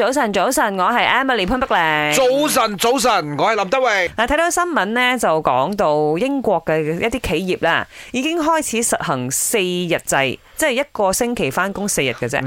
早晨，早晨，我係 Emily 潘碧玲。早晨，早晨，我係林德榮。嗱，睇到新聞呢，就講到英國嘅一啲企業啦，已經開始實行四日制。即係一個星期返工四日嘅啫，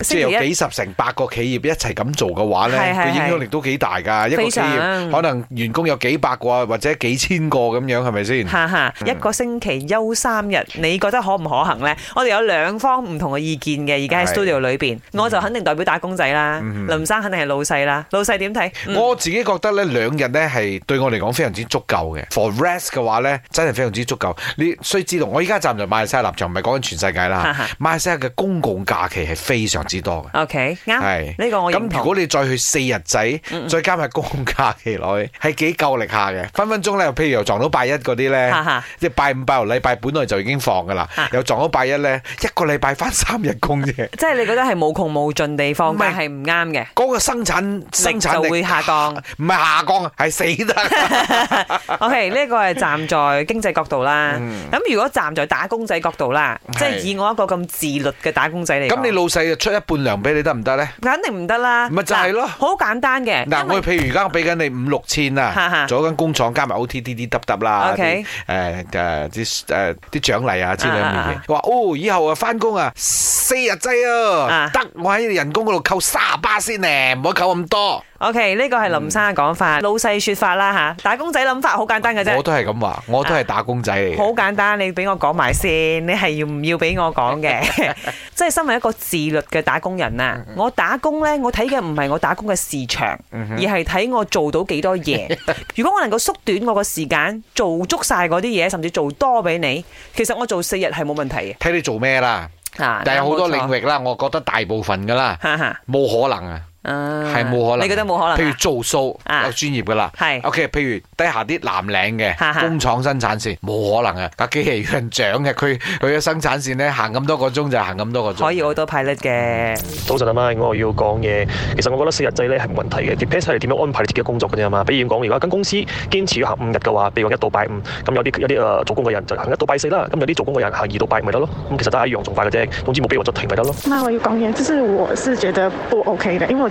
即係有幾十成百個企業一齊咁做嘅話咧，佢影響力都幾大㗎。一個企業可能員工有幾百個或者幾千個咁樣，係咪先？哈哈，一個星期休三日，你覺得可唔可行咧？我哋有兩方唔同嘅意見嘅，而家喺 studio 裏邊，我就肯定代表打工仔啦。林生肯定係老細啦，老細點睇？我自己覺得咧，兩日咧係對我嚟講非常之足夠嘅。For rest 嘅話咧，真係非常之足夠。你須知道，我依家站住馬來西亞立場，唔係講緊全世界啦。墨西哥嘅公共假期係非常之多嘅。O K 啱，係呢個我咁如果你再去四日仔，再加埋公共假期落去，係幾夠力下嘅。分分鐘咧，譬如又撞到拜一嗰啲咧，即係拜五拜六禮拜本來就已經放㗎啦，又撞到拜一咧，一個禮拜翻三日工啫。即係你覺得係無窮無盡地方，唔係係唔啱嘅。嗰個生產生產就會下降，唔係下降，係死得。O K 呢個係站在經濟角度啦。咁如果站在打工仔角度啦，即係以我。個咁自律嘅打工仔嚟，咁你老細就出一半糧俾你得唔得咧？不行不行，肯定唔得啦，咪就係咯，好簡單嘅。嗱，我譬如而家我俾緊你五六千啦，做緊工廠加埋 O T D D 耷耷啦，誒誒啲誒啲獎勵啊之類嘅嘢，佢話哦，以後啊翻工啊四日制啊，得我喺你人工嗰度扣卅八先咧，唔好扣咁多。O.K. 呢個係林生嘅講法，老細說法啦吓，打工仔諗法好簡單嘅啫。我都係咁話，我都係打工仔嚟嘅。好簡單，你俾我講埋先，你係要唔要俾我講嘅？即係身為一個自律嘅打工人啊，我打工呢，我睇嘅唔係我打工嘅市場，而係睇我做到幾多嘢。如果我能夠縮短我個時間，做足晒嗰啲嘢，甚至做多俾你，其實我做四日係冇問題嘅。睇你做咩啦？但係好多領域啦，我覺得大部分噶啦，冇可能啊。係冇可能，你覺得冇可能？譬如做數有專業噶啦，係。O.K.，譬如低下啲南嶺嘅工廠生產線，冇哈哈 可能嘅，架機器有人掌嘅，佢佢嘅生產線咧行咁多個鐘就行咁多個鐘。可以好多派率嘅。到陣阿媽，我要講嘢。其實我覺得四日制咧係唔問題嘅，你 p l 嚟點樣安排你自己嘅工作嘅啫嘛。比如講，如果間公司堅持要行五日嘅話，譬如講一到拜五，咁有啲有啲誒做工嘅人就行一到拜四啦，咁有啲做工嘅人二行二到拜咪得咯。咁其實都係一樣仲快嘅啫，總之冇俾我咗停咪得咯。咁我要講嘢，即是我是覺得不 OK 嘅，因為